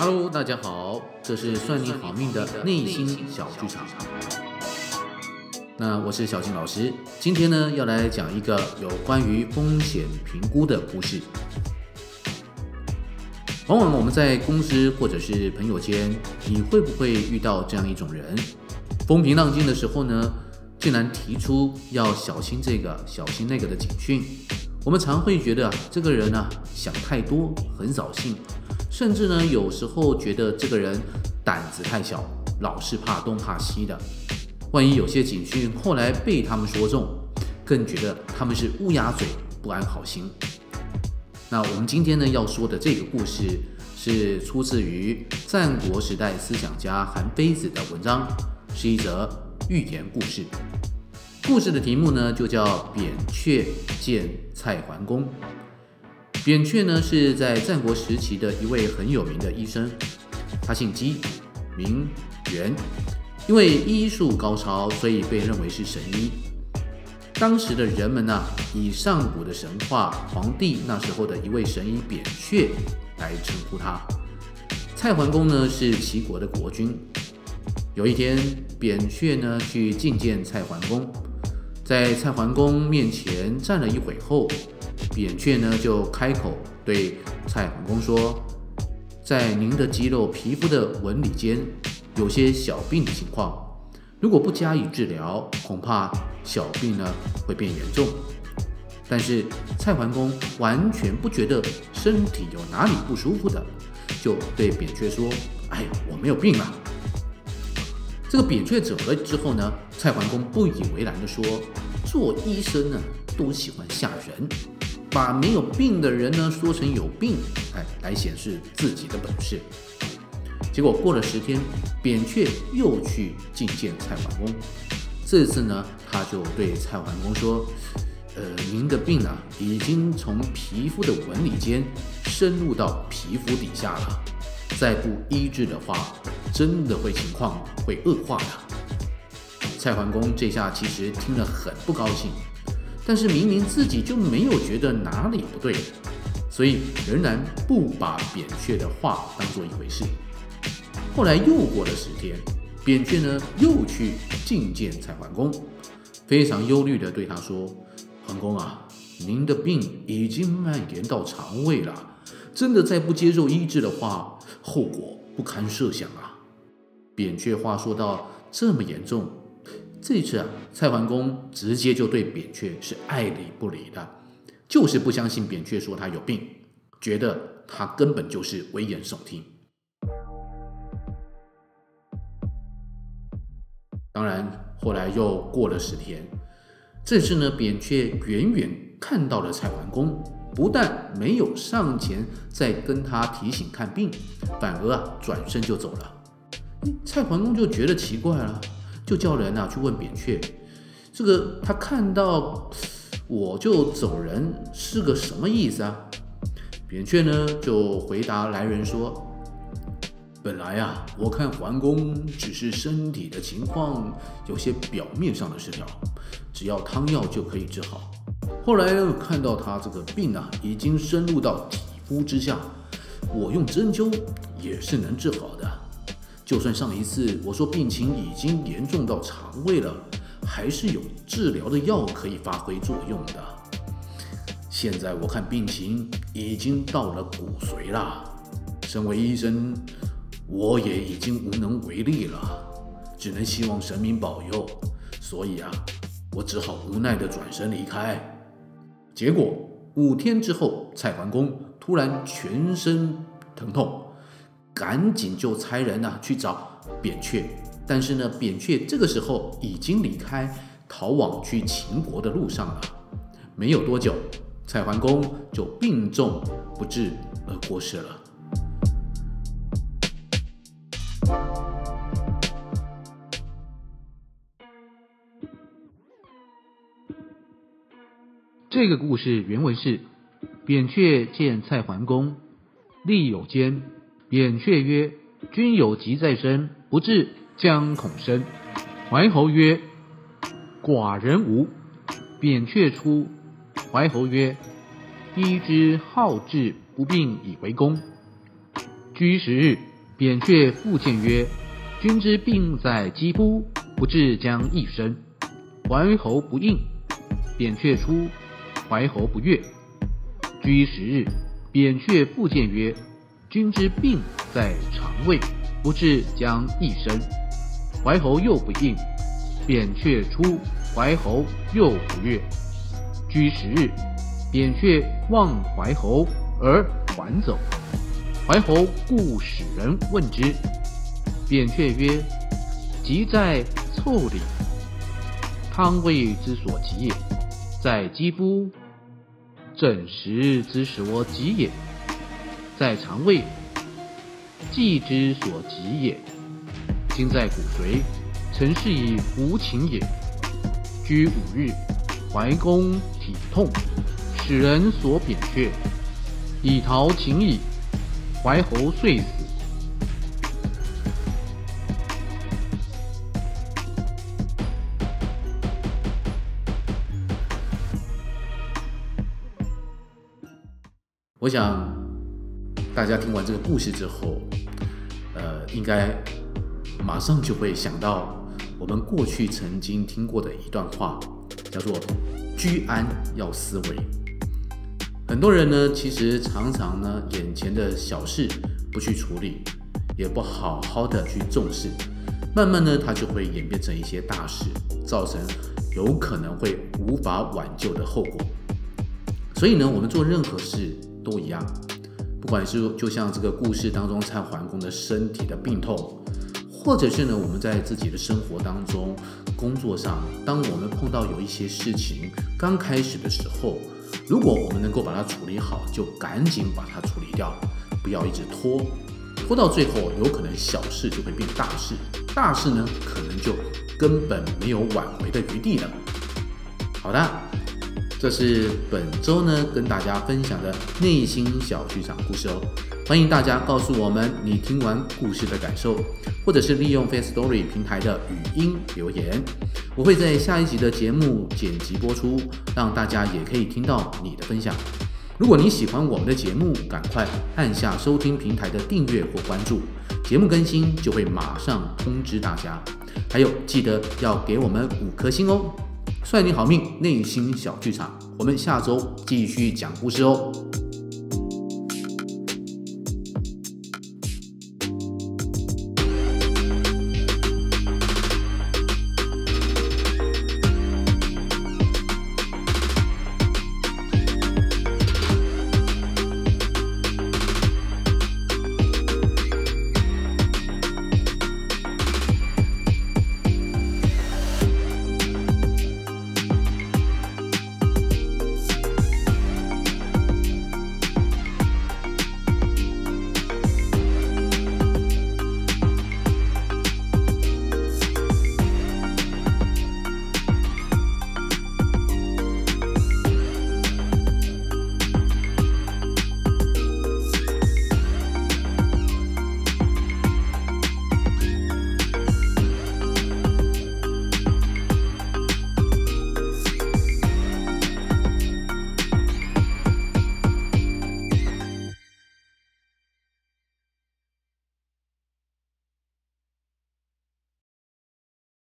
Hello，大家好，這是算你好命的內心小劇場。劇場。那我是小金老師，今天呢要來講一個有關於風險評估的故事。往往我們在公司或者是朋友間，你會不會遇到這樣一種人？風平浪靜的時候呢，竟然提出要小心這個、小心那個的警訊。我們常會覺得這個人呢、啊、想太多，很掃興。甚至呢，有時候覺得這個人膽子太小，老是怕東怕西的。萬一有些警訊後來被他們說中，更覺得他們是烏鴉嘴，不安好心。那我們今天呢要說的這個故事，是出自於戰國時代思想家韓非子的文章，是一則寓言故事。故事的題目呢就叫《扁鵲見蔡桓公》。扁鵲呢，是在戰國時期的一位很有名的醫生，他姓姬，名元，因為醫術高超，所以被認為是神醫。當時的人們吶、啊，以上古的神話黃帝那時候的一位神醫扁鵲來稱呼他。蔡桓公呢，是齊國的國君。有一天，扁鵲呢去覲見蔡桓公，在蔡桓公面前站了一會後。扁鵲呢，就開口對蔡桓公說：“在您的肌肉、皮膚的紋理間，有些小病的情況，如果不加以治療，恐怕小病呢會變嚴重。”但是蔡桓公完全不覺得身體有哪裡不舒服的，就對扁鵲說：“哎，我沒有病啊。”這個扁鵲走了之後呢，蔡桓公不以為然地說：“做醫生呢，都喜歡嚇人。”把沒有病的人呢說成有病，哎，來顯示自己的本事。結果過了十天，扁鵲又去覲見蔡桓公。這次呢，他就對蔡桓公說：“呃，您的病啊，已經從皮膚的紋理間深入到皮膚底下了，再不醫治的話，真的會情況會惡化的。”蔡桓公這下其實聽了很不高興。但是明明自己就沒有覺得哪裡不對，所以仍然不把扁鵲的話當做一回事。後來又過了十天，扁鵲呢又去覲見蔡桓公，非常憂慮地對他說：“桓公啊，您的病已經蔓延到腸胃了，真的再不接受醫治的話，後果不堪設想啊！”扁鵲話說到這麼嚴重。這次啊，蔡桓公直接就對扁鵲是愛理不理的，就是不相信扁鵲說他有病，覺得他根本就是危言聳聽。當然，後來又過了十天，這次呢，扁鵲遠遠看到了蔡桓公，不但沒有上前再跟他提醒看病，反而啊轉身就走了。蔡桓公就覺得奇怪了。就叫人吶、啊、去問扁鵲，這個他看到我就走人是個什麼意思啊？扁鵲呢就回答來人說：“本來啊，我看桓公只是身體的情況有些表面上的失調，只要湯藥就可以治好。後來看到他這個病啊，已經深入到體膚之下，我用針灸也是能治好的。”就算上一次我說病情已經嚴重到腸胃了，還是有治療的藥可以發揮作用的。現在我看病情已經到了骨髓了，身為醫生，我也已經無能為力了，只能希望神明保佑。所以啊，我只好無奈地轉身離開。結果五天之後，蔡桓公突然全身疼痛。趕緊就差人啊去找扁鵲，但是呢，扁鵲這個時候已經離開，逃往去秦國的路上了。沒有多久，蔡桓公就病重不治而過世了。這個故事原文是：扁鵲見蔡桓公，立有間。扁鵲曰：“君有疾在身，不治將恐深。”桓侯曰：“寡人無。”扁鵲出。桓侯曰：“醫之好治不病以為功。”居十日，扁鵲復見曰：“君之病在肌膚，不治將益深。”桓侯不應。扁鵲出。桓侯不悅。居十日，扁鵲復見曰。君之病在腸胃，不治將益深。桓侯又不應，扁鵲出。桓侯又不悅。居十日，扁鵲望桓侯而還走。桓侯故使人問之。扁鵲曰：“疾在腠理，湯熨之所及也；在肌膚，鍼石之所我及也。”在腸胃，齊之所及也；今在骨髓，臣是以無請也。居五日，桓公體痛，使人索扁鵲，已逃秦矣。桓侯遂死。我想。大家聽完這個故事之後，呃，應該馬上就會想到我們過去曾經聽過的一段話，叫做“居安要思危”。很多人呢，其實常常呢，眼前的小事不去處理，也不好好的去重視，慢慢呢，他就會演變成一些大事，造成有可能會無法挽救的後果。所以呢，我們做任何事都一樣。不管是就像這個故事當中蔡桓公的身體的病痛，或者是呢，我們在自己的生活當中、工作上，當我們碰到有一些事情剛開始的時候，如果我們能夠把它處理好，就趕緊把它處理掉，不要一直拖，拖到最後有可能小事就會變大事，大事呢，可能就根本沒有挽回的餘地了。好的。這是本周呢跟大家分享的內心小劇場故事哦，歡迎大家告訴我們你聽完故事的感受，或者是利用 Firstory 平台的語音留言，我會在下一集的節目剪輯播出，讓大家也可以聽到你的分享。如果你喜歡我們的節目，趕快按下收聽平台的訂閱或關注，節目更新就會馬上通知大家。還有記得要給我們五顆星哦。算你好命，內心小劇場，我們下周繼續講故事哦。